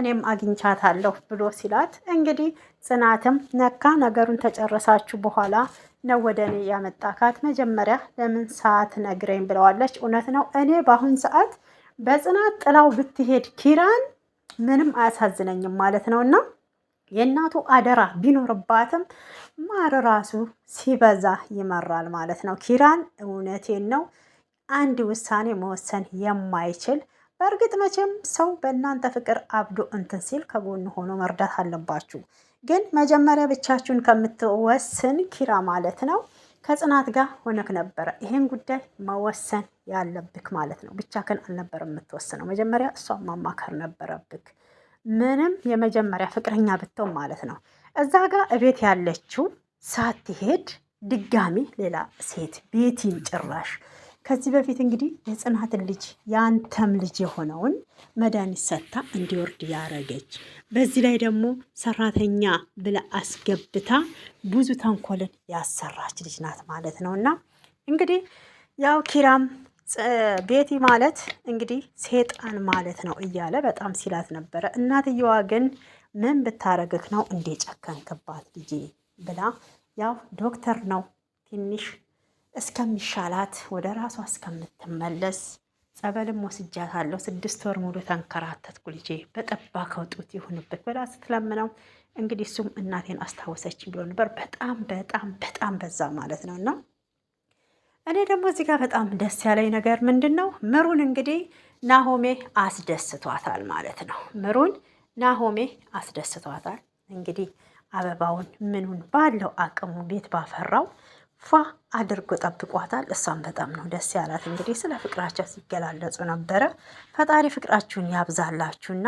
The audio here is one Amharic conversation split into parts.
እኔም አግኝቻታለሁ ብሎ ሲላት እንግዲህ ጽናትም ነካ ነገሩን ተጨረሳችሁ በኋላ ነው ወደ እኔ ያመጣካት። መጀመሪያ ለምን ሰዓት ነግረኝ ብለዋለች። እውነት ነው። እኔ በአሁን ሰዓት በጽናት ጥላው ብትሄድ ኪራን ምንም አያሳዝነኝም ማለት ነው እና የእናቱ አደራ ቢኖርባትም ማር ራሱ ሲበዛ ይመራል ማለት ነው። ኪራን እውነቴን ነው አንድ ውሳኔ መወሰን የማይችል በእርግጥ መቼም ሰው በእናንተ ፍቅር አብዶ እንትን ሲል ከጎን ሆኖ መርዳት አለባችሁ። ግን መጀመሪያ ብቻችሁን ከምትወስን ኪራ ማለት ነው ከጽናት ጋር ሆነክ ነበረ ይህን ጉዳይ መወሰን ያለብክ ማለት ነው። ብቻህን አልነበረ የምትወስነው፣ መጀመሪያ እሷን ማማከር ነበረብክ። ምንም የመጀመሪያ ፍቅረኛ ብተው ማለት ነው እዛ ጋር እቤት ያለችው ሳትሄድ ድጋሚ ሌላ ሴት ቤቲን ጭራሽ ከዚህ በፊት እንግዲህ የጽናትን ልጅ የአንተም ልጅ የሆነውን መድኃኒት ሰጥታ እንዲወርድ ያረገች፣ በዚህ ላይ ደግሞ ሰራተኛ ብላ አስገብታ ብዙ ተንኮልን ያሰራች ልጅ ናት ማለት ነው። እና እንግዲህ ያው ኪራም ቤቲ ማለት እንግዲህ ሴጣን ማለት ነው እያለ በጣም ሲላት ነበረ። እናትየዋ ግን ምን ብታረግክ ነው እንደ ጨከንክባት ልጄ ብላ ያው ዶክተር ነው ትንሽ እስከሚሻላት ወደ ራሷ እስከምትመለስ ጸበልም ወስጃታለሁ። ስድስት ወር ሙሉ ተንከራተትኩ ልጄ በጠባ ከውጡት ይሁንበት ብላ ስትለምነው እንግዲህ እሱም እናቴን አስታወሰች ብሎ ነበር። በጣም በጣም በጣም በዛ ማለት ነው። እና እኔ ደግሞ እዚህ ጋር በጣም ደስ ያለኝ ነገር ምንድን ነው? ምሩን እንግዲህ ናሆሜ አስደስቷታል ማለት ነው። ምሩን ናሆሜ አስደስቷታል እንግዲህ አበባውን ምኑን ባለው አቅሙ ቤት ባፈራው ፋ አድርጎ ጠብቋታል። እሷም በጣም ነው ደስ ያላት። እንግዲህ ስለ ፍቅራቸው ሲገላለጹ ነበረ። ፈጣሪ ፍቅራችሁን ያብዛላችሁና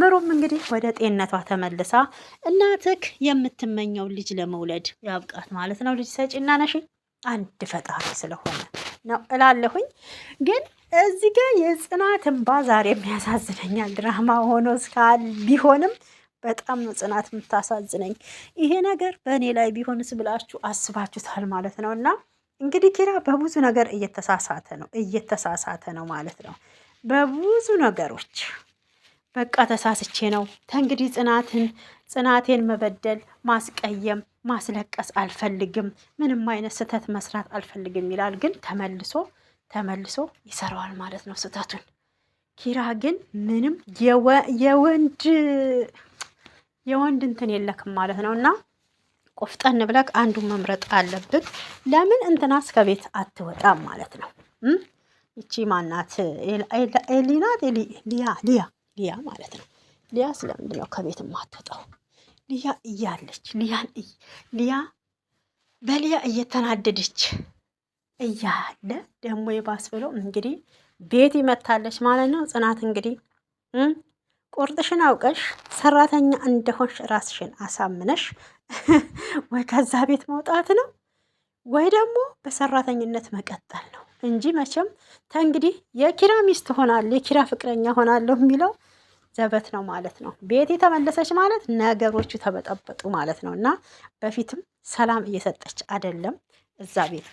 ምሩም እንግዲህ ወደ ጤንነቷ ተመልሳ እናትክ የምትመኘው ልጅ ለመውለድ ያብቃት ማለት ነው። ልጅ ሰጪና ነሽ አንድ ፈጣሪ ስለሆነ ነው እላለሁኝ። ግን እዚህ ጋር የጽናት እንባ ዛሬም ድራማ ሆኖ እስካል ቢሆንም በጣም ነው ጽናት የምታሳዝነኝ። ይሄ ነገር በእኔ ላይ ቢሆንስ ብላችሁ አስባችሁታል ማለት ነው። እና እንግዲህ ኪራ በብዙ ነገር እየተሳሳተ ነው እየተሳሳተ ነው ማለት ነው። በብዙ ነገሮች በቃ ተሳስቼ ነው ከእንግዲህ ጽናትን ጽናቴን መበደል፣ ማስቀየም፣ ማስለቀስ አልፈልግም፣ ምንም አይነት ስህተት መስራት አልፈልግም ይላል። ግን ተመልሶ ተመልሶ ይሰራዋል ማለት ነው ስህተቱን ኪራ ግን ምንም የወንድ የወንድ እንትን የለክም ማለት ነው እና ቆፍጠን ብለክ አንዱ መምረጥ አለብን። ለምን እንትናስ ከቤት አትወጣም ማለት ነው። እቺ ማናት? ኤሊናት ሊያ ሊያ ሊያ ማለት ነው። ሊያ ስለምንድን ነው ከቤት የማትወጣው? ሊያ እያለች ሊያን ሊያ በሊያ እየተናደደች እያለ ደግሞ የባስ ብሎ እንግዲህ ቤት ይመታለች ማለት ነው። ጽናት እንግዲህ ቁርጥሽን አውቀሽ ሰራተኛ እንደሆንሽ ራስሽን አሳምነሽ ወይ ከዛ ቤት መውጣት ነው ወይ ደግሞ በሰራተኝነት መቀጠል ነው እንጂ መቼም ተእንግዲህ የኪራ ሚስት ሆናለሁ የኪራ ፍቅረኛ ሆናለሁ የሚለው ዘበት ነው ማለት ነው። ቤቲ ተመለሰች ማለት ነገሮቹ ተበጠበጡ ማለት ነው። እና በፊትም ሰላም እየሰጠች አይደለም እዛ ቤት